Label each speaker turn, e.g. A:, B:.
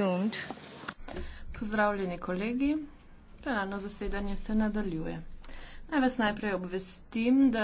A: resumed. Pozdravljeni kolegi. Plenarno zasedanje se nadaljuje. Naj vas najprej obvestim, da